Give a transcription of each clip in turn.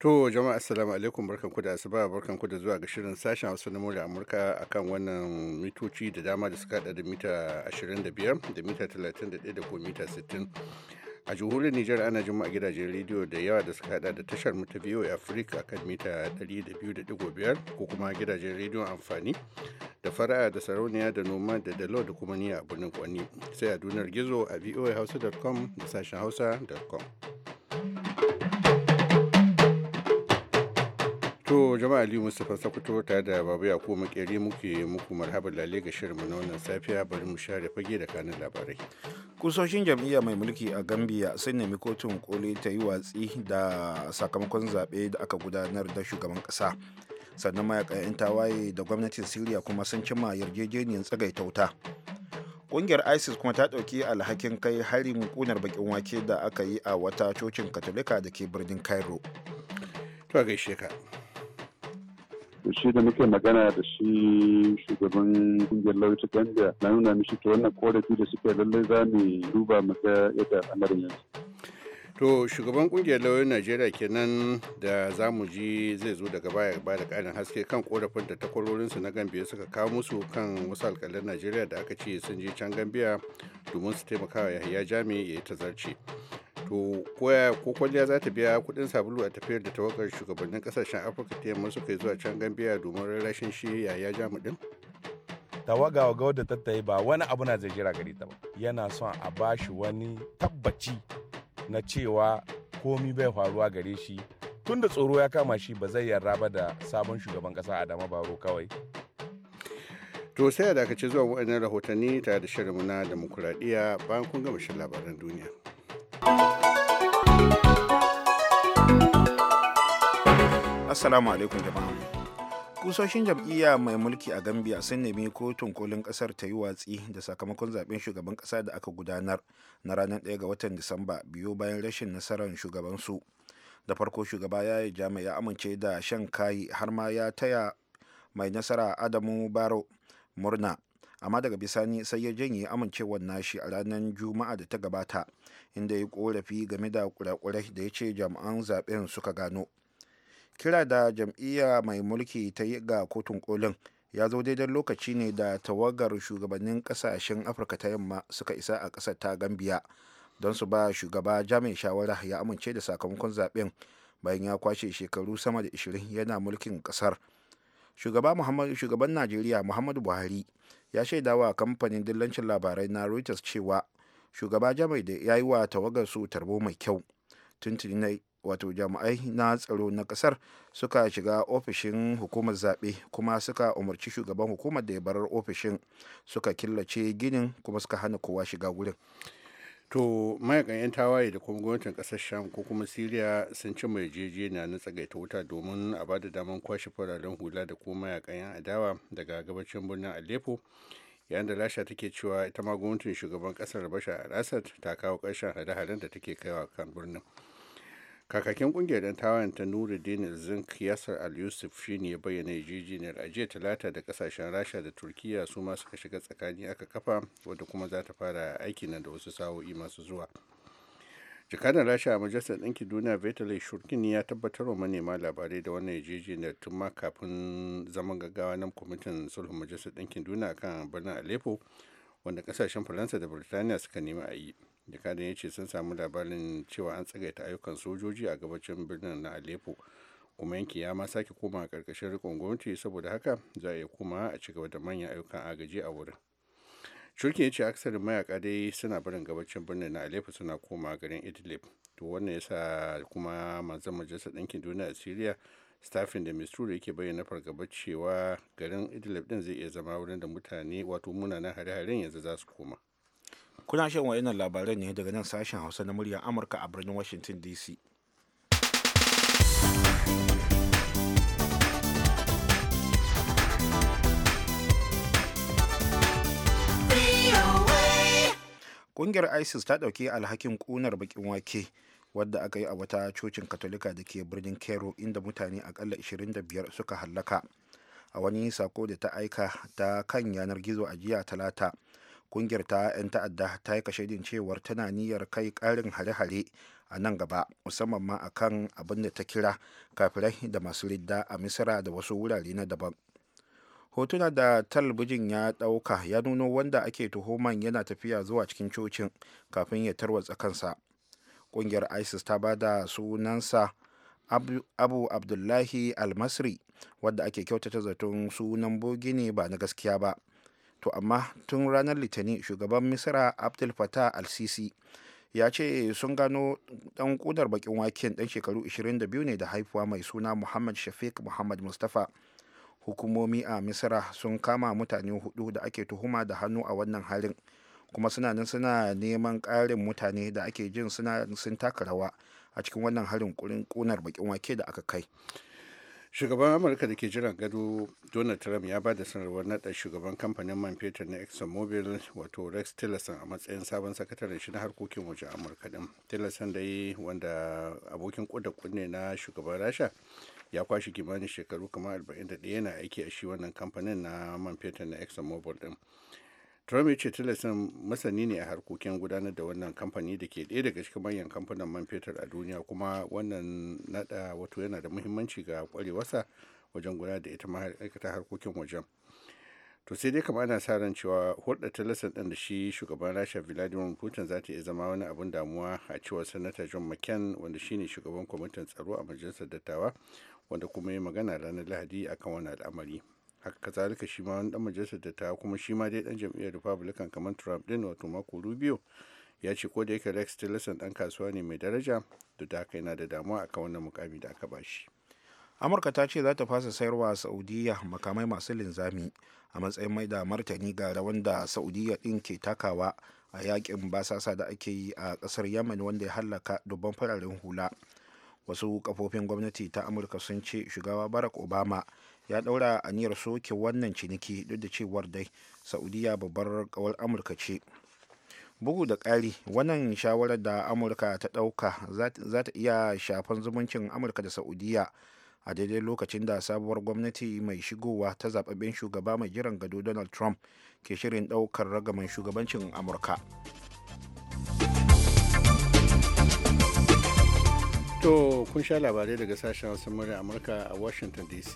To jama'a assalamu alaikum barkanku da asuba barkanku da zuwa ga shirin sashen Hausa na murya Amurka akan wannan mitoci da dama da suka hada da mita 25 da mita 31 da ko mita 60. A jihohin Nijar ana jima a gidajen rediyo da yawa da suka hada da tashar mu ta VOA Africa akan mita 200.5 ko kuma gidajen rediyon amfani da fara'a da sarauniya da noma da dalo da kuma niya a birnin Kwani sai a dunar gizo a voahausa.com da sashen hausa.com. To jama'a Aliyu Mustapha Sokoto tare da Babu Yakubu Makeri muke muku marhaban lalle ga shirinmu na wannan safiya bari mu share fage da kanin labarai. Kusoshin jam'iyya mai mulki a Gambia sun nemi kotun koli ta yi watsi da sakamakon zaɓe da aka gudanar da shugaban ƙasa. Sannan mayaka 'yan tawaye da gwamnatin Siriya kuma sun cimma yarjejeniyar tsagaita wuta. Ƙungiyar ISIS kuma ta ɗauki alhakin kai harin ƙunar baƙin wake da aka yi a wata cocin Katolika da ke birnin Cairo. To gaishe ka. to shi da muke magana da shi shugaban kungiyar lauyi ganda na nuna mishi ta wannan korafi da suke lallai za mu duba mu yadda al'amarin yanzu to shugaban kungiyar lauyoyin najeriya kenan da zamu ji zai zo daga baya ba da ƙarin haske kan korafin da takwarorinsu na gambiya suka kawo musu kan wasu alƙalan najeriya da aka ce sun je can gambiya domin su taimaka wa yahaya jami ya yi tazarci to ko kwalliya za ta biya kudin sabulu a tafiyar da tawagar shugabannin kasashen afirka ta yamma suka yi zuwa can gambiya domin rashin shi ya ya jamu din tawaga wa wadda da tattaye ba wani abu na zai jira gari ta ba yana son a ba shi wani tabbaci na cewa komi bai faruwa gare shi tun da tsoro ya kama shi ba zai yarda ba da sabon shugaban kasa adama baro kawai to sai a dakace zuwa wa'annan rahotanni tare da shirin na demokuraɗiyya bayan kun gama labaran duniya Assalamu alaikum jama'a. Kusoshin jam'iyya mai mulki a Gambia sun nemi kotun kolin kasar ta yi watsi da sakamakon zaben shugaban kasa da aka gudanar na ranar 1 ga watan Disamba biyu bayan rashin nasarar shugabansu. Da farko shugaba ya yi jami'a ya amince da shan kayi har ma ya taya mai nasara Adamu Baro murna. Amma daga bisani sai ya janye amincewar nashi a ranar Juma'a da ta gabata. inda ya korafi game da kurakurai da ya ce jami'an zaben suka gano kira da jam'iyya mai mulki ta yi ga kotun kolin ya zo daidai lokaci ne da tawagar shugabannin kasashen afirka ta yamma suka isa a ƙasar ta gambiya don su ba shugaba jami'in shawara ya amince da sakamakon zaben bayan ya kwashe shekaru sama da 20 yana mulkin ƙasar shugaba shugaban najeriya muhammadu buhari ya shaidawa kamfanin dillancin labarai na reuters cewa shugaba jamai da ya yi wa tawagar su tarbo mai kyau tuntuni wato jami'ai na tsaro na kasar suka shiga ofishin hukumar zaɓe kuma suka umarci shugaban hukumar da ya barar ofishin suka killace ginin kuma suka hana kowa shiga gurin to mayakan 'yan tawaye da kuma gwamnatin kasar sham ko kuma siriya sun ci mai na tsagaita wuta domin a bada damar kwashe fararen hula da kuma mayakan 'yan adawa daga gabacin birnin aleppo yayin da rasha take cewa ita ma gwamnatin shugaban kasar bashar al-assad ta kawo ƙarshen hade hadan da take kaiwa kan birnin kakakin kungiyar dan tawayen ta din zinc yasar al-yusuf shine ya bayyana yarjejeniyar a talata da kasashen rasha da turkiya su ma suka shiga tsakani aka kafa wadda kuma za ta fara aiki nan da wasu sa'o'i masu zuwa jakadan rasha a majalisar ɗinki duniya Vitaly shurkin ya tabbatar wa manema labarai da wannan yarjejeniyar tun ma kafin zaman gaggawa na kwamitin sulhun majalisar ɗinkin duniya kan birnin aleppo wanda ƙasashen faransa da birtaniya suka nemi a yi jakadan ya ce sun samu labarin cewa an tsagaita ayyukan sojoji a gabacin birnin na aleppo kuma yanki ya ma sake koma a ƙarƙashin rikon gwamnati saboda haka za a iya koma a ci gaba da manyan ayyukan agaji a wurin turki ya ce aksarin mayaka dai suna barin gabacin birnin na alepa suna koma garin idlib to wannan yasa kuma manzan majalisar ɗinkin duniya a syria staffin da mistura yake bayyana fargaba cewa garin idlib din zai iya zama wurin da mutane wato munanan hare-haren yanzu za su koma kuna shan wayannan labaran ne daga nan sashen hausa na muryar amurka a birnin washington dc kungiyar isis ta dauki alhakin kunar bakin wake wadda aka yi a wata cocin katolika da ke birnin cairo inda mutane akalla 25 suka hallaka a wani sako da ta aika ta kan yanar gizo a jiya talata kungiyar ta 'yan ta'adda ta yi shaidin cewar tana niyyar kai karin hare-hare a nan gaba musamman ma a kan abin da ta kira kafirai da masu ridda a misira da wasu wurare na daban hotuna da talbijin ya ɗauka ya nuno wanda ake tuhuman yana tafiya zuwa cikin cocin kafin ya tarwatsa kansa ƙungiyar isis ta ba da sunansa abu, abdullahi almasri wadda ake kyautata zaton sunan bogi ne ba na gaskiya ba to amma tun ranar litinin shugaban misira abdul fatah al-sisi ya ce sun gano dan kudar bakin waken dan shekaru 22 ne da haifuwa mai suna muhammad shafiq muhammad mustapha hukumomi a misira sun kama mutane hudu da ake tuhuma da hannu a wannan harin kuma suna nan suna neman karin mutane da ake jin suna sun taka rawa a cikin wannan harin kunar bakin wake da aka kai shugaban amurka da ke jiran gado donald trump ya ba da sanarwar naɗa shugaban kamfanin man fetur na exxonmobil wato rex tillerson a matsayin sabon sakatare shi na harkokin waje amurka din tillerson da yi wanda abokin kuda ne na shugaban rasha ya kwashe kimanin shekaru kamar 41 yana aiki a shi wannan kamfanin na man fetur na exxonmobil din trump ya ce tilasin masani ne a harkokin gudanar da wannan kamfani da ke ɗaya daga cikin manyan kamfanin man fetur a duniya kuma wannan nada wato yana da muhimmanci ga kwarewarsa wajen gudanar da ita ma'aikata harkokin wajen to sai dai kamar ana sa ran cewa hulɗa tilasin ɗin da shi shugaban rasha vladimir putin za ta iya zama wani abin damuwa a cewar sanata john mccain wanda shine shugaban kwamitin tsaro a majalisar dattawa wanda kuma ya magana ranar lahadi akan wani al'amari haka kazalika shi ma wani dan majalisar da ta kuma shi ma dai dan jam'iyyar republican kamar trump din wato mako rubio ya ce ko da yake rex tillerson dan kasuwa ne mai daraja da da haka yana da damuwa akan wannan mukami da aka bashi amurka ta ce za ta fasa sayarwa a saudiya makamai masu linzami a matsayin mai da martani ga rawan da saudiya din ke takawa a yakin basasa da ake yi a kasar yamani wanda ya hallaka dubban fararen hula wasu kafofin gwamnati ta amurka sun ce shugaba barack obama ya daura aniyar soke wannan ciniki duk da cewar dai saudiya babbar kawar amurka ce bugu da ƙari wannan shawarar da amurka ta ɗauka za ta iya shafan zumuncin amurka da saudiya a daidai lokacin da sabuwar gwamnati mai shigowa ta zababben shugaba mai jiran gado donald trump ke shirin ɗaukar ragaman shugabancin amurka. To kun sha labarai daga sashen Hausa murya Amurka a Washington DC.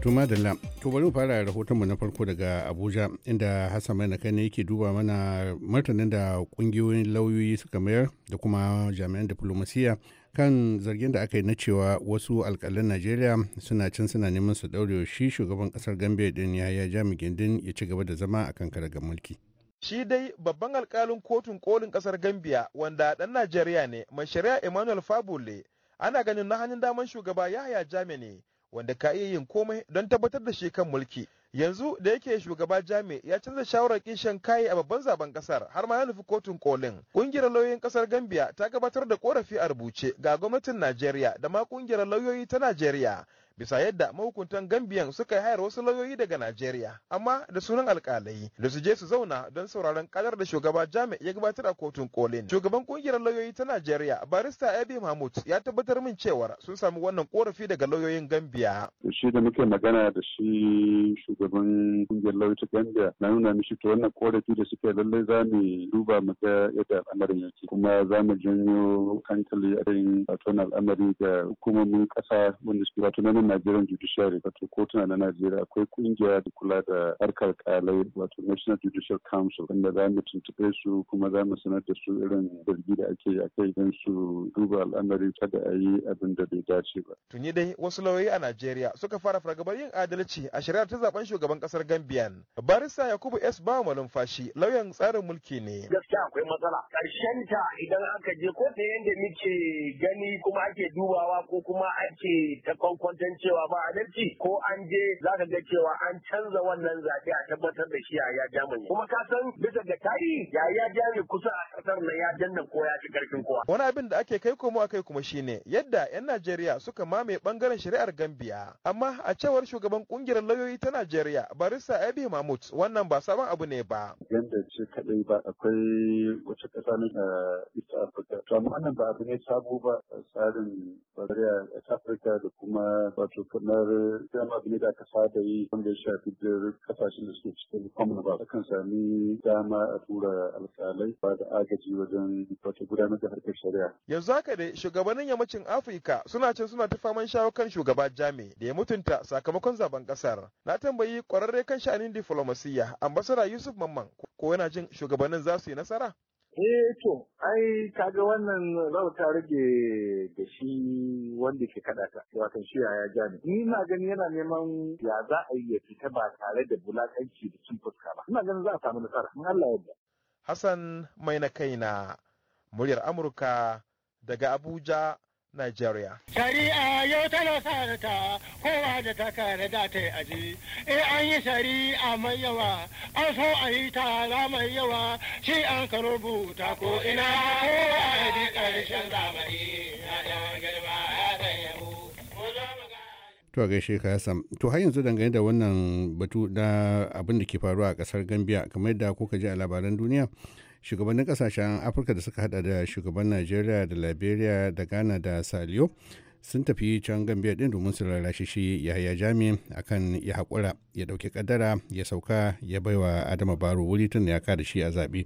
Tuma da lam, to bari mu fara rahotonmu na farko daga Abuja inda Hassan mai kai ne yake duba mana martanin da kungiyoyin lauyoyi suka mayar da kuma jami'an diplomasiya kan zargin da aka yi na cewa wasu alkalin najeriya suna can suna neman su daure shi shugaban kasar gambia din ya ya jami'in gindin ya ci gaba da zama akan ga mulki shi dai babban alkalin kotun kolin kasar gambia wanda ɗan najeriya ne mai shari'a emmanuel fabule ana ganin na hannun daman shugaba yahaya jami ne wanda ka iya yin komai don tabbatar da shi kan mulki yanzu da yake shugaba jami ya canza shawarar kishin kayi a babban zaben kasar har ma ya nufi kotun kolin kungiyar lauyoyin kasar gambia ta gabatar da korafi a rubuce ga gwamnatin najeriya da ma kungiyar lauyoyi ta najeriya bisa yadda mahukuntan gambiyan suka yi hayar wasu lauyoyi daga najeriya amma da sunan alkalai da su je su zauna don sauraron kadar da shugaba jami ya gabatar a kotun kolin shugaban kungiyar lauyoyi ta najeriya barista abi mahmud ya tabbatar min cewar sun sami wannan korafi daga lauyoyin gambiya shi da muke magana da shi shugaban kungiyar lauyoyi ta gambiya na nuna mishi to wannan korafi da suke lallai za mu duba mu ga yadda al'amarin yake kuma za mu janyo hankali a kan al'amari da hukumomin kasa wanda suke wato sunan Nigerian Judiciary wato kotuna na Najeriya akwai kungiya da kula da harkar kalai wato National Judicial Council inda za mu tuntube su kuma za mu sanar da su irin zargi da ake yi a kai don su duba al'amari kada a yi abin da bai dace ba. Tuni dai wasu lauyoyi a Najeriya suka fara fargabar yin adalci a shari'ar ta zaben shugaban kasar Gambian. Barista Yakubu S. Bawa numfashi, lauyan tsarin mulki ne. Gaskiya akwai matsala. ta idan aka je ko ta yadda muke gani kuma ake dubawa ko kuma ake ta kwankwantan ganin cewa ba adalci ko an je za ka ga cewa an canza wannan zaɓe a tabbatar da shi ya Germany kuma ka san bisa ga tarihi ya ya Germany kusa a ƙasar na ya danna ko ya ci karfin kowa wani abin da ake kai komo akai kuma shine yadda yan Najeriya suka mame bangaren shari'ar Gambia amma a cewar shugaban kungiyar lauyoyi ta Najeriya barista Abi Mahmud wannan ba sabon abu ne ba yadda ce kaɗai ba akwai wata ƙasa a East Africa to amma wannan ba abu ne sabo ba tsarin Bariya Africa da kuma wato kamar eh, dama abu ne da aka fada yi wanda ya shafi da kasashen da suke cikin ba. akan sami dama a tura alƙalai ba da agaji wajen wato gudanar da harkar shari'a. yanzu haka dai shugabannin yammacin afirka suna can suna ta faman shawo kan shugaba jami da ya mutunta sakamakon zaben kasar na tambayi kwararre kan sha'anin diflomasiyya ambasada yusuf mamman ko yana jin shugabannin za su yi nasara. Eh to, ai kaga wannan rauta rage da shi wanda ke kada ta, wato shi ya jami. Ni ina gani yana neman ya za a yi ya fita ba tare da bulakanci da cin fuska ba. Ina ganin za a samu nasara, in Allah ya Hassan mai na kaina, muryar Amurka daga Abuja, Najeriya. Shari'a yau tana sa ta kowa da ta kare da ta yi aji. eh an yi shari'a mai yawa, an so a yi tara mai yawa, shi an ka rubuta ko ina kowa a ji ƙarshen zamani na girma ya To a gaishe ka yasa To har yanzu dangane da wannan batu da abin da ke faruwa a kasar Gambia kamar yadda kuka ji a labaran duniya. shugabannin kasashen afirka da suka hada da shugaban najeriya da liberia da ghana da saliyo sun tafi can gambia din domin su rarrashi shi yahaya jami akan ya haƙura ya ɗauki kaddara ya sauka ya baiwa adama baro wuri tun ya kada shi a zaɓe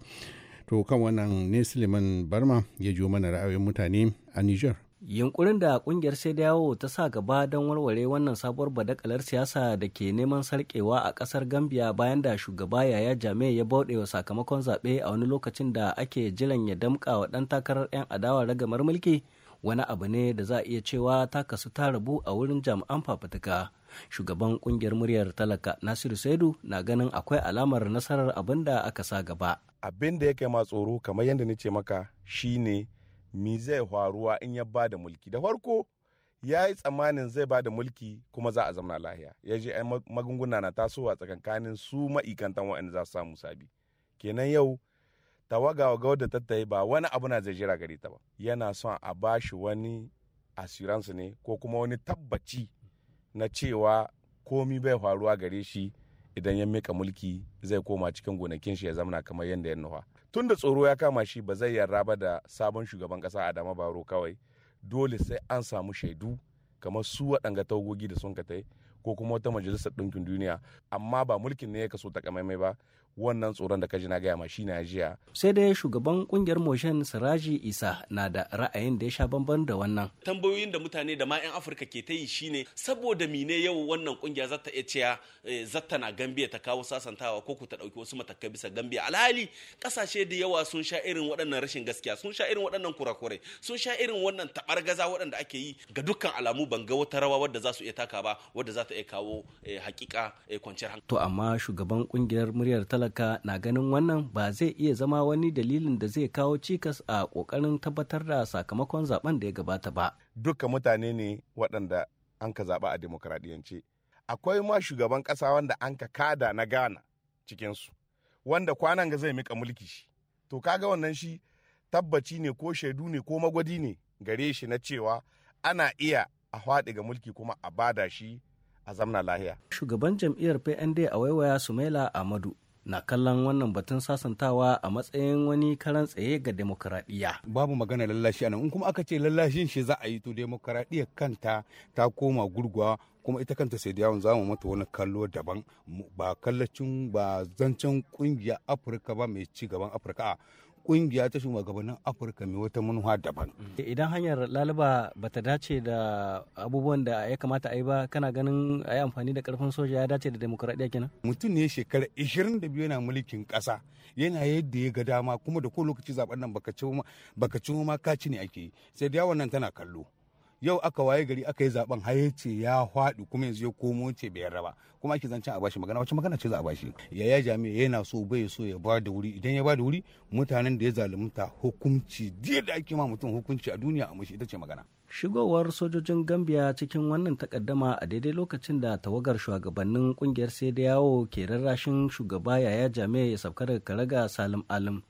to kan wannan ne suleiman barma ya jo mana ra'ayoyin mutane a niger yunkurin da kungiyar sai da yawo ta sa gaba don warware wannan sabuwar badakalar siyasa da ke neman sarkewa a kasar gambia bayan da shugaba yaya jame ya bauɗe wa sakamakon zaɓe a wani lokacin da ake jiran ya damƙa wa ɗan takarar 'yan adawa ragamar mulki wani abu ne da za a iya cewa ta kasu ta rabu a wurin jami'an fafutuka shugaban kungiyar muryar talaka nasiru saidu na ganin akwai alamar nasarar abin da aka sa gaba abin da yake ma tsoro kamar yadda ni ce maka shine me zai faruwa in ya ba da mulki da farko ya yi tsammanin zai ba da mulki kuma za a zama lahiya ya je magunguna na tasowa tsakankanin su ma'ikantan waɗanda za su samu sabi kenan yau tawaga ga wadda yi ba wani abu na zai jira gare ta ba yana son a ba shi wani assurance ne ko kuma wani tabbaci na cewa komi bai faruwa gare shi idan ya mika mulki zai koma cikin gonakin shi ya zamana kamar yadda ya nufa tun da tsoro ya kama shi ba zai yarda ba da sabon shugaban kasa dama baro kawai dole sai an samu shaidu kamar su waɗanga tagogi da sun katai ko kuma wata majalisar ɗinkin duniya amma ba mulkin ne ya kaso takamaimai ba wannan tsoron da ka ji na gaya ma shi na jiya. sai dai shugaban kungiyar motion siraji isa na da ra'ayin da ya sha bamban da wannan tambayoyin da mutane da mayan afirka ke ta yi shine saboda mine yau wannan kungiya za ta iya cewa eh, zata na gambiya ta kawo sasantawa ko ku ta dauki wasu matakai bisa gambiya alhali kasashe da yawa sun sha irin waɗannan rashin gaskiya sun sha irin waɗannan kurakurai sun sha irin wannan gaza waɗanda ake yi ga dukkan alamu ban ga wata rawa wadda za su iya taka ba wadda za ta iya kawo eh, hakika eh, kwanciyar hankali to amma shugaban kungiyar muryar talaka amurka na ganin wannan ba zai iya zama wani dalilin da zai kawo cikas a kokarin tabbatar da sakamakon zaben da ya gabata ba dukka mutane ne waɗanda an ka zaɓa a demokradiyance akwai ma shugaban ƙasa wanda an ka kada na ghana cikinsu wanda kwanan ga zai mika mulki shi to kaga wannan shi tabbaci ne ko shaidu ne ko magwadi ne gare shi na cewa ana iya a haɗe ga mulki kuma a bada shi a zamna lahiya. Shugaban jam'iyyar PND a waiwaya Sumaila Ahmadu na kallon wannan batun sasantawa a matsayin wani karan tsaye ga demokuraɗiyya. Babu magana lallashi anan in kuma aka ce lallashin shi za a yi to demokuraɗiyya kanta ta koma gurguwa kuma ita kanta sai da yawon zamu mata wani kallo daban ba kallacin ba zancen kungiya Afirka ba mai ci gaban Afirka a kungiya ta shugabannin afirka mai wata manuwa daban mm. idan hanyar laliba ba ta dace da abubuwan da ya kamata a yi ba kana ganin a yi amfani da karfin soja ya dace da demokuraɗiyya kenan mutum ne shekara 25 yana mulkin ƙasa yana yadda ya ga dama kuma da ko lokaci zaben nan baka ci ma ka ci ne ake yi sai da yawon nan tana kallo yau aka waye gari aka yi zaben haye ce ya faɗi kuma yanzu ya komo ce bai raba kuma ake zancen a bashi magana wacce magana ce za a bashi yaya jami'a yana so bai so ya ba da wuri idan ya ba da wuri mutanen da ya zalunta hukunci diya da ake ma mutum hukunci a duniya a mushi ita ce magana shigowar sojojin gambia cikin wannan takaddama a daidai lokacin da tawagar shugabannin kungiyar sai da yawo ke rarrashin shugaba yaya jami'a ya sauka daga karaga salim alim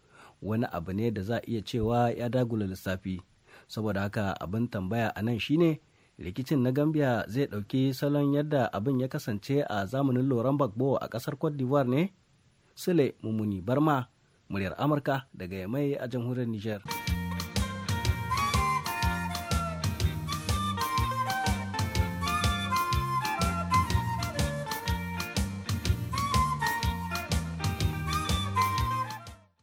wani abu ne da za a iya cewa ya dagula lissafi saboda haka abin tambaya a nan shine rikicin na gambia zai dauki salon yadda abin ya kasance a zamanin loran bagbo a kasar cote d'ivoire ne sule mummuni barma muryar amurka daga yamai a jamhuriyar niger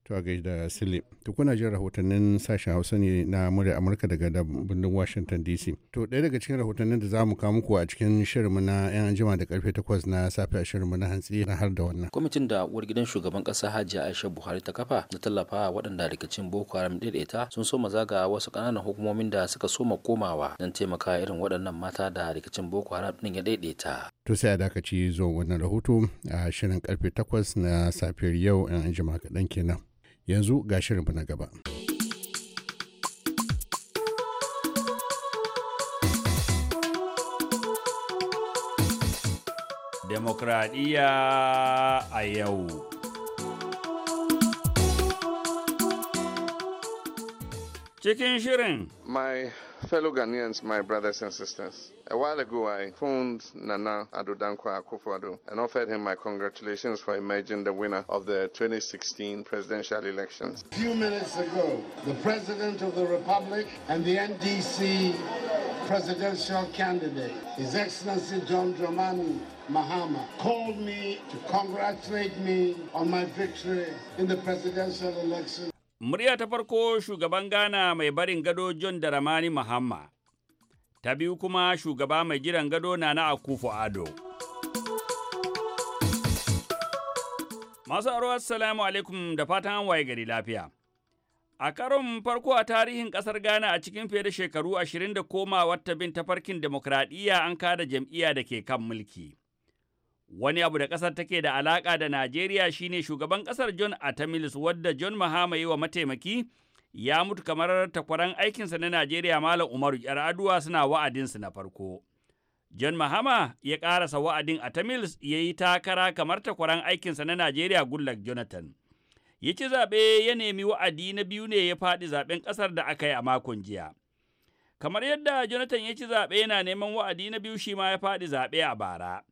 to a gaida sile to kuna jin rahotannin sashen hausa ne na murya amurka daga birnin washington dc to ɗaya daga cikin rahotannin da za mu kawo muku a cikin shirinmu na yan anjima da karfe takwas na safe a shirinmu na hantsi na har da wannan kwamitin da uwar gidan shugaban ƙasa hajiya aisha buhari ta kafa na tallafa waɗanda rikicin boko haram ɗaiɗaita sun soma zaga wasu ƙananan hukumomin da suka soma komawa don taimaka irin waɗannan mata da rikicin boko haram ɗin ya ɗaiɗaita to sai a dakaci zuwa wannan rahoto a shirin karfe takwas na safiyar yau yan anjima kaɗan kenan yanzu ga shirinmu na gaba. Demokradiyya a yau. Cikin shirin. My Fellow Ghanaians, my brothers and sisters, a while ago I phoned Nana Adodankwa Akufo-Addo and offered him my congratulations for emerging the winner of the 2016 presidential elections. A few minutes ago, the President of the Republic and the NDC presidential candidate, His Excellency John Dramani Mahama, called me to congratulate me on my victory in the presidential election. Murya ta farko shugaban gana mai barin gado John Ramani Mahama. Ta biyu kuma shugaba mai jiran gado na Akufo Ado. Masu aro assalamu alaikum da fatan an waye gari lafiya. A karon farko a tarihin ƙasar Ghana a cikin fiye da shekaru ashirin da koma ta bin tafarkin demokradiyya an kada jam'iyya da ke kan mulki. Wani abu da ƙasar take da alaƙa da Najeriya shine shugaban ƙasar John Atamilis wadda John Mahama yi wa mataimaki ya mutu kamar takwaran aikinsa na Najeriya Malam Umaru yaraduwa suna wa'adinsu na farko. John Mahama ya ƙarasa wa'adin Atamilis ya yi takara kamar takwaran aikinsa na Najeriya Goodluck Jonathan. Ya ci zaɓe ya nemi wa'adi na biyu ne ya faɗi zaɓen ƙasar da aka yi a makon jiya. Kamar yadda Jonathan ya ci zaɓe yana neman wa'adi na biyu shi ma ya faɗi zaɓe a bara.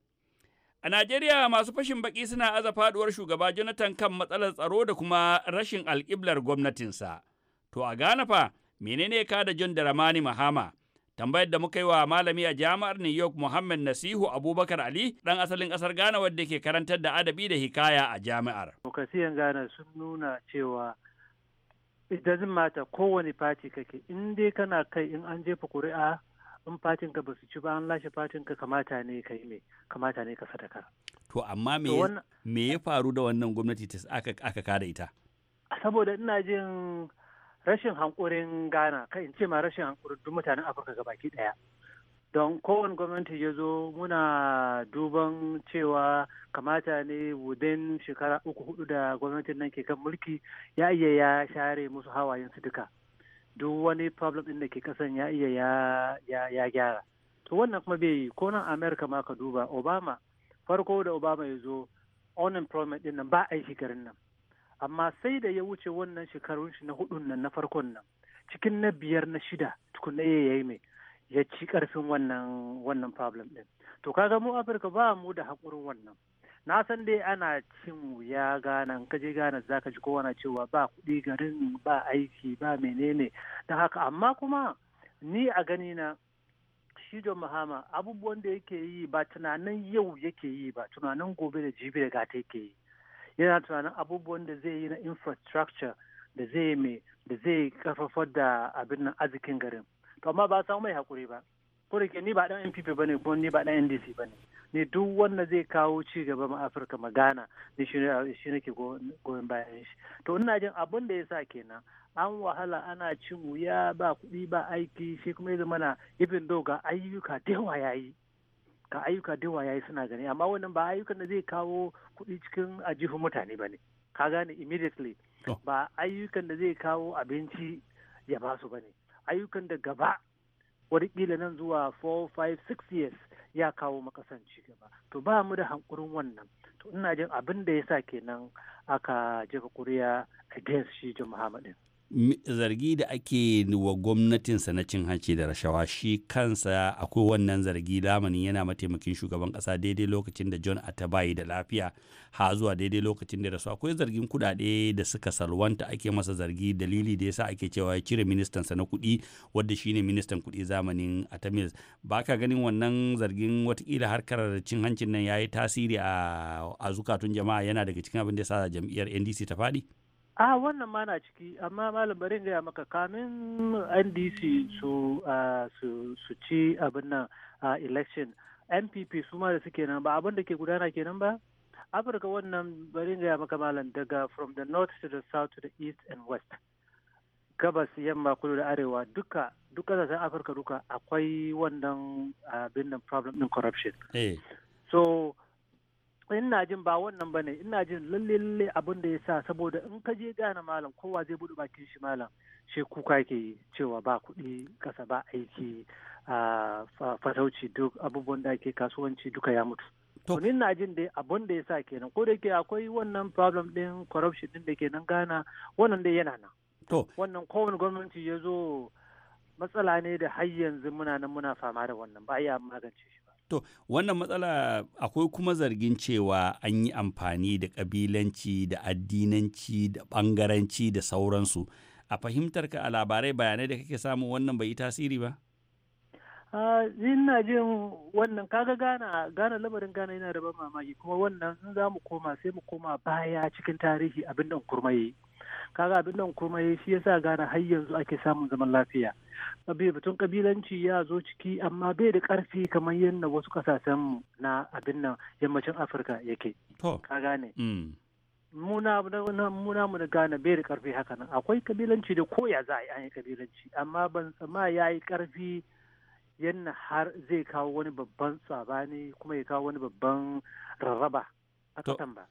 A Najeriya masu fashin baki suna aza faduwar shugaba Jonathan kan matsalar tsaro da kuma rashin alƙiblar gwamnatinsa. To a Ghana fa menene ka da John Dramani Mahama? Tambayar da muka yi wa malami a jami'ar New York Muhammad Nasihu Abubakar Ali dan asalin ƙasar Ghana wadda ke karantar da adabi da hikaya a jami'ar. kasiyan Ghana sun nuna cewa it doesn't matter kowane fati kake in dai kana kai in an jefa kuri'a in fatin ka basu ci ba an lashe fatin ka kamata ne ka yi me kamata ne ka sadaka to amma me ya faru da wannan gwamnati ta aka kada ita saboda ina jin rashin hankurin Ghana kai in ce ma rashin hankurin duk mutanen Afirka ga baki ɗaya don kowane gwamnati ya zo muna duban cewa kamata ne wudin shekara uku hudu da gwamnatin nan ke kan mulki ya iya ya share musu hawayen su duka duk wani problem ɗin da ke kasan ya iya ya gyara to wannan kuma bai yi ko nan america ma ka duba obama farko da obama ya zo unemployment ɗin nan ba a yi shekarun nan amma sai da ya wuce wannan shekarun shi na hudun nan na farkon nan cikin na biyar na shida tukun na yayi mai ya ci karfin wannan wannan problem ɗin to kaga mu afirka ba mu da haƙurin wannan na san dai ana cin wuya gana ka je gana za ka ji kowane cewa ba kuɗi garin ba aiki ba menene don haka amma kuma ni a gani na shi John Mahama abubuwan da yake yi ba tunanin yau yake yi ba tunanin gobe da jibi da gata yake yi yana tunanin abubuwan da zai yi na infrastructure da zai mai da zai karfafar da abin nan arzikin garin to amma ba samu mai hakuri ba ko ni ba dan NPP bane ko ni ba dan NDC bane ne duk wanda zai kawo ci gaba ma afirka magana ne shi nake goyon bayan shi to ina jin abin da ya sa kenan an wahala ana cin wuya ba kuɗi ba aiki shi kuma ya na ibin doga ayyuka da yawa yayi ka ayyuka da yawa yayi suna gani amma wannan ba ayyukan da zai kawo kuɗi cikin ajihun mutane ba ne ka gane immediately ba ayyukan da zai kawo abinci ya basu ba ne ayyukan da gaba wataƙila nan zuwa 4 5 6 years ya kawo makasan ci gaba to ba mu da hankurin wannan to ina jin abin da ya sa kenan aka jefa kuriya against shi jin muhammadin. zargi da ake wa gwamnatinsa na cin hanci da rashawa shi kansa akwai wannan zargi lamanin yana mataimakin shugaban kasa daidai lokacin da john bayi da lafiya ha zuwa daidai lokacin da rasu akwai zargin kudade da suka salwanta ake masa zargi dalili da yasa ake cewa ya cire sa na kuɗi wadda shine ministan kuɗi zamanin atamil ba ka ganin wannan zargin wata watakila harkar cin hancin nan ya yi tasiri a zukatun jama'a yana daga cikin abin da ya sa jam'iyyar ndc ta faɗi? a wannan ma na ciki amma malam bari gaya maka kamin ndc su su ci abin nan election npp su ma da suke nan ba abin da ke gudana kenan ba afirka wannan bari gaya maka malam daga from the north to the south to the east and west gabas yamma kudu da arewa duka duk kasashen afirka duka akwai wannan abin nan problem din corruption eh. so in na jin ba wannan ba ne ina jin lalle lalle abin da ya sa saboda in ka je gane malam kowa zai buɗe bakin shi malam shi kuka ke cewa ba kuɗi kasa ba aiki a fatauci duk abubuwan da ake kasuwanci duka ya mutu to ni na jin dai abin da ya sa kenan ko da ke akwai wannan problem din corruption din da ke nan gana wannan dai yana nan to wannan kowane gwamnati ya zo matsala ne da har yanzu muna nan muna fama da wannan ba iya magance shi To, wannan matsala akwai kuma zargin cewa an yi amfani da kabilanci da addinanci da bangaranci da sauransu. A fahimtarka a labarai bayanai da kake samu wannan bai yi tasiri ba? ina jin wannan kaga gana gana lamarin gana yana da ban mamaki kuma wannan in za mu koma sai mu koma baya cikin tarihi abin da kurma yi kaga abin nan kuma shi yasa gane har yanzu ake samun zaman lafiya batun kabilanci ya zo ciki amma bai da karfi kamar yadda wasu kasashen na abin nan yammacin afirka yake ka gane mm. muna mu da gane bai da karfi haka nan akwai kabilanci da koya za a yi kabilanci amma ban sama ya yi karfi yadda har zai kawo wani babban tsabani kuma ya kawo wani babban rarraba a katan ba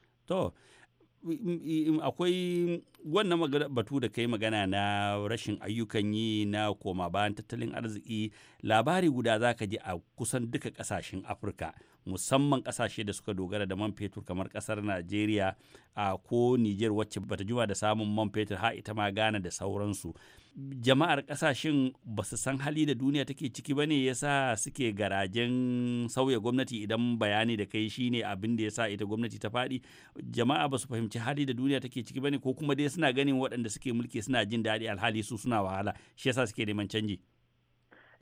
akwai wannan batu da kai magana na rashin ayyukan yi na koma bayan tattalin arziki labari guda za ka ji a kusan duka ƙasashen afirka musamman kasashe da suka dogara da man fetur kamar kasar najeriya a ko niger wacce bata juma da samun man fetur ha ita ma gana da sauransu jama'ar kasashen ba su san hali da duniya take ciki ba ne yasa suke garajen sauya gwamnati idan bayani da kai shine abin da yasa ita gwamnati ta fadi jama'a ba su fahimci hali da duniya take ciki ba ne ko kuma dai suna ganin waɗanda suke mulki suna jin daɗi alhali su suna wahala shi yasa suke neman canji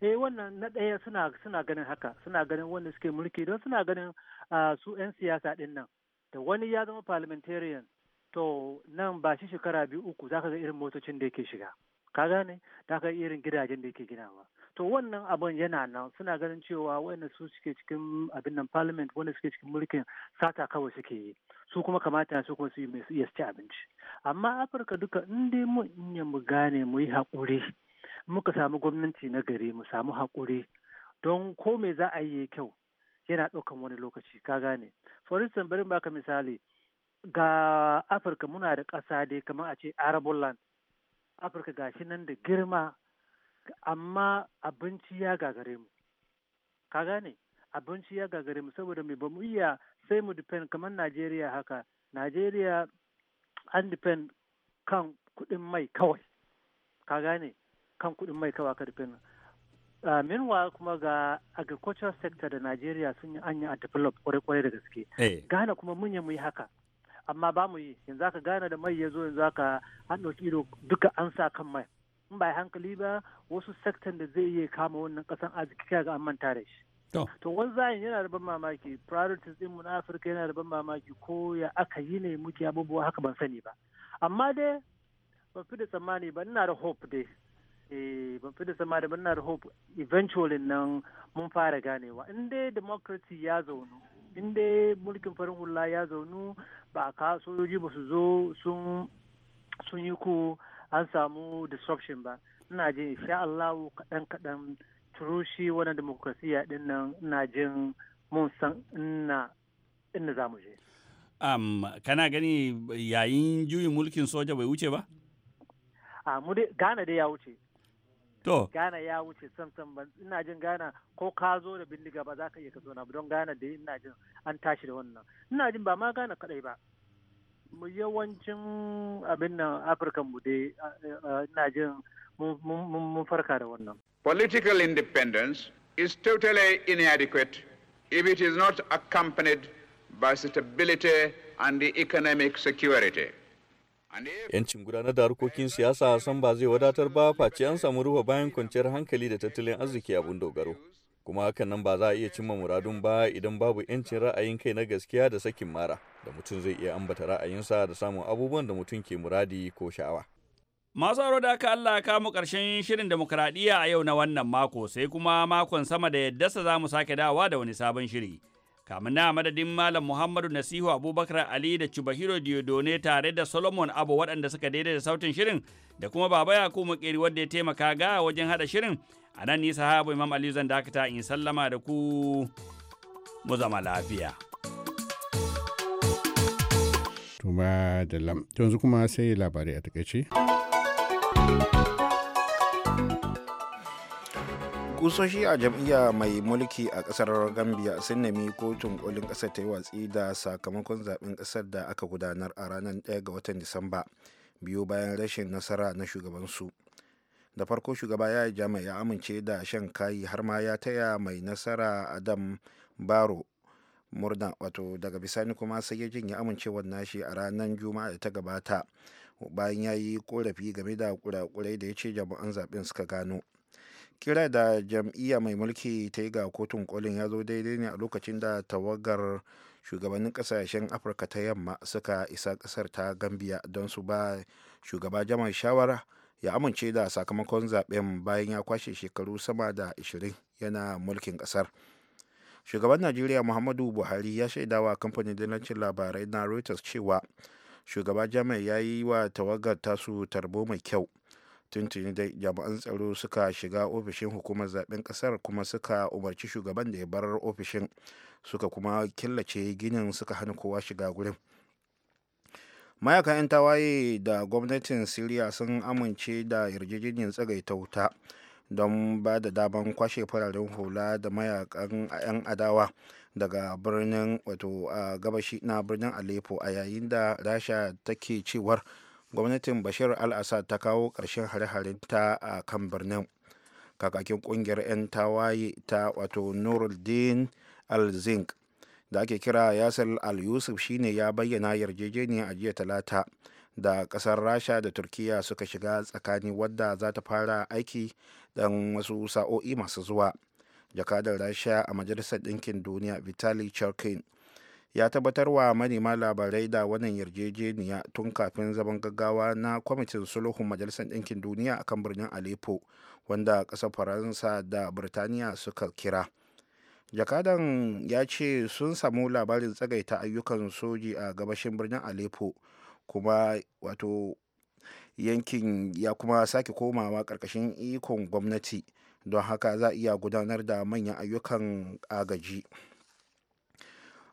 eh wannan na ɗaya suna suna ganin haka suna ganin wanda suke mulki don suna ganin ah, su 'yan siyasa ɗin nan da wani ya zama parliamentarian to nan ba shi shekara biyu uku zaka ga irin motocin da yake shiga ka gane da ka irin gidajen da yake ginawa to wannan abin yana nan suna ganin cewa wanda su suke cikin abin nan parliament wanda suke cikin mulkin sata kawai suke yi su kuma kamata su kuma su yi mai su iya ci abinci amma afirka duka in dai mu in mu gane mu yi haƙuri muka samu gwamnati na gari mu samu haƙuri don ko me za a yi kyau yana ɗaukan wani lokaci ka gane for instance bari baka misali ga afirka muna da ƙasa dai kamar a ce arabul land afirka gashi nan da girma amma abinci ya gagare mu ka gane abinci ya gagare mu saboda mai bamu iya sai mu depend kamar najeriya haka najeriya an depend kan kuɗin mai kawai ka gane kan kuɗin mai kawa karfin rufe Uh, meanwhile kuma ga agricultural sector da Najeriya sun yi anya a develop kwarai-kwarai da gaske. Hey. Eh. Ghana kuma mun yi haka. Amma ba mu yi yanzu aka Ghana da mai ya zo yanzu aka an ɗauki ido duka an sa kan mai. In ba hankali ba wasu sektan da zai iya kama wannan kasan arziki ga an manta da shi. To wani zayin yana da ban mamaki priorities din mu na Afirka yana da ban mamaki ko ya aka yi ne muke abubuwa haka ban sani ba. Amma dai ban fi da tsammani ba ina da hope dai. eh ban fi da sama da muna da hope eventually nan mun fara ganewa inda democracy ya zaunu inda mulkin farin hula ya zaunu ba ka sojoji ba su zo sun yi ku an samu disruption ba ina jin insha Allah kaɗan kaɗan turushi wani demokrasiya din nan ina jin mun san ina ina za mu je um, kana gani yayin juyin mulkin soja bai wuce ba a mu dai Ghana da ya wuce To. Ghana ya wuce sam sam ina jin Ghana ko ka zo da bindiga ba za ka iya ka zo na don Ghana da ina jin an tashi da wannan. Ina jin ba ma Ghana kadai ba. Mu yawancin abin nan Afirka mu dai ina jin mun farka da wannan. Political independence is totally inadequate if it is not accompanied by stability and economic security. Yancin gudanar da harkokin siyasa san ba zai wadatar ba face an samu ruwa bayan kwanciyar hankali da tattalin arziki abun dogaro. Kuma hakan nan ba za a iya cimma muradun ba idan babu yancin ra'ayin kai na gaskiya da sakin mara da mutum zai iya ambata ra'ayinsa da samun abubuwan da mutum ke muradi ko sha'awa. Masu aro da aka Allah ka mu ƙarshen shirin demokradiyya a yau na wannan mako sai kuma makon sama da yadda za mu sake dawa da wani sabon shiri. Kamun na madadin Malam Muhammadu Nasihu Abubakar Ali da Chubahiro Diodone tare da Solomon Abu waɗanda suka daidai da sautin shirin da kuma Baba Yakubu Makeri wanda ya taimaka ga wajen hada shirin. A nan nisa habu Imam Ali zan dakata in sallama da ku mu zama lafiya. Tuma da lam. Yanzu kuma sai labarai a takaice. kusoshi a jam'iyya mai mulki a kasar gambia sun nemi kotun kolin kasa ta yi watsi da sakamakon zaben kasar da aka gudanar a ranar 1 ga watan disamba biyu bayan rashin nasara na shugabansu da farko shugaba ya jama ya amince da shan kayi har ma ya taya mai nasara adam baro murna wato daga bisani kuma sai ya jin ya amincewar nashi a ranar juma'a da ta gabata bayan ya yi korafi game da kurakurai da ya ce jami'an zaben suka gano kira da jam'iyya mai mulki ta yi ga kotun kolin ya zo daidai ne a lokacin da tawagar shugabannin kasashen afirka ta yamma suka isa kasar ta gambia don su ba shugaba jamar shawara ya amince da sakamakon zaben bayan ya kwashe shekaru sama da 20 yana mulkin kasar shugaban najeriya muhammadu buhari ya shaidawa kamfanin dalancin labarai na reuters cewa shugaba jami'ai ya yi wa tawagar tasu tarbo mai kyau tuntuni dai jami'an tsaro suka shiga ofishin hukumar zaben kasar kuma suka umarci shugaban da ya bar ofishin suka kuma killace ginin suka hana kowa shiga gurin mayakan 'yan tawaye da gwamnatin siriya sun amince da yarjejeniyar tsagaita wuta don ba da daban kwashe fararen hula da mayakan 'yan adawa daga birnin wato a gabashi na birnin aleppo a yayin da rasha take cewar gwamnatin bashir al-assad ta kawo ƙarshen hare-haren ta a kan birnin kakakin ƙungiyar 'yan tawaye ta wato nuruddin al-zink da ake kira yasir al-yusuf shine ya bayyana yarjejeniya a jiya talata da kasar rasha da turkiya suka shiga tsakani wadda za ta fara aiki dan wasu sa'o'i masu zuwa jakadar rasha a majalisar ɗinkin duniya vitali cherkin ya tabbatar wa manema labarai da wannan yarjejeniya tun kafin zaman gaggawa na kwamitin sulhun majalisar ɗinkin duniya akan birnin aleppo wanda ƙasar faransa da birtaniya suka kira jakadan ya ce sun samu labarin tsagaita ayyukan soji a gabashin birnin aleppo kuma wato yankin ya kuma sake komawa ƙarƙashin ikon gwamnati don haka za a iya gudanar da manyan ayyukan agaji.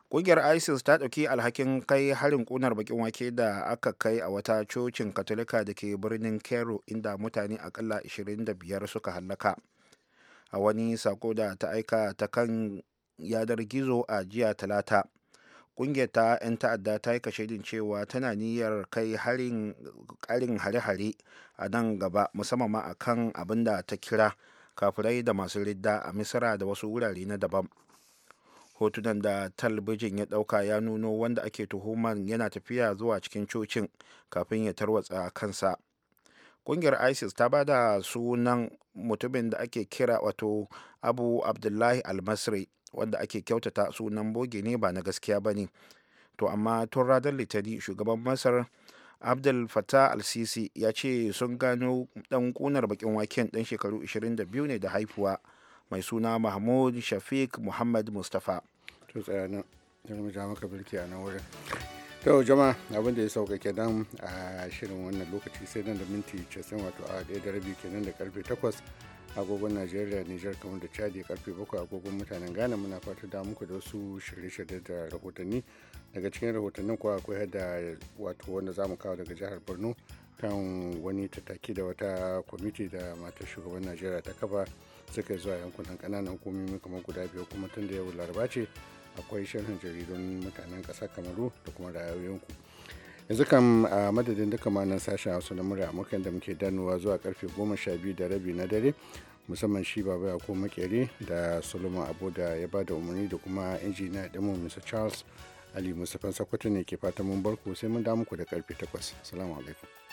kungiyar ISIS ta ɗauki alhakin kai harin ƙunar bakin wake da aka kai a wata cocin Katolika da ke birnin Cairo inda mutane akalla 25 suka hallaka. A wani sako da ta aika ta kan yadar gizo a jiya talata. Ƙungiyar ta 'yan ta'adda ta yi kashedin cewa tana niyyar kai harin hare-hare a nan gaba musamman ma akan abin da ta kira kafirai da masu ridda a misira da wasu wurare na daban. hotunan da talbijin ya dauka ya nuno wanda ake tuhumar yana tafiya zuwa cikin cocin kafin ya tarwatsa kansa kungiyar isis ta bada sunan mutumin da ake kira wato abu abdullahi almasri wanda ake kyautata sunan boge ne ba na gaskiya ba ne to amma tun ranar litani shugaban masar abdul fata al-sisi ya ce sun gano dan kunar bakin waken dan shekaru 22 ne da haifuwa mai suna mahmud shafiq muhammad mustapha to tsaya bilki a nan wurin ta jama'a abin da ya sauka kenan a shirin wannan lokaci sai nan da minti 90 wato a ɗaya da rabi kenan da karfe 8 agogon najeriya nijar kamar da chadi karfe 7 agogon mutanen ghana muna fata da muku da wasu shirye-shirye da rahotanni daga cikin rahotannin kuwa akwai da wato wanda za mu kawo daga jihar borno kan wani tattaki da wata kwamiti da matar shugaban najeriya ta kafa suka zuwa yankunan kananan hukumomi kamar guda biyu kuma tun da yau laraba ce akwai sharhin jaridun mutanen ƙasar kamaru da kuma ra'ayoyinku yanzu kan a madadin duka manan sashen hausa na murya amurka da muke danuwa zuwa karfe goma sha biyu da rabi na dare musamman shi baba ya ko makere da solomon abu da ya da umarni da kuma injiniya ɗinmu mr charles ali musafan sakwato ne ke fata mun barku sai mun damu ku da karfe takwas salamu alaikum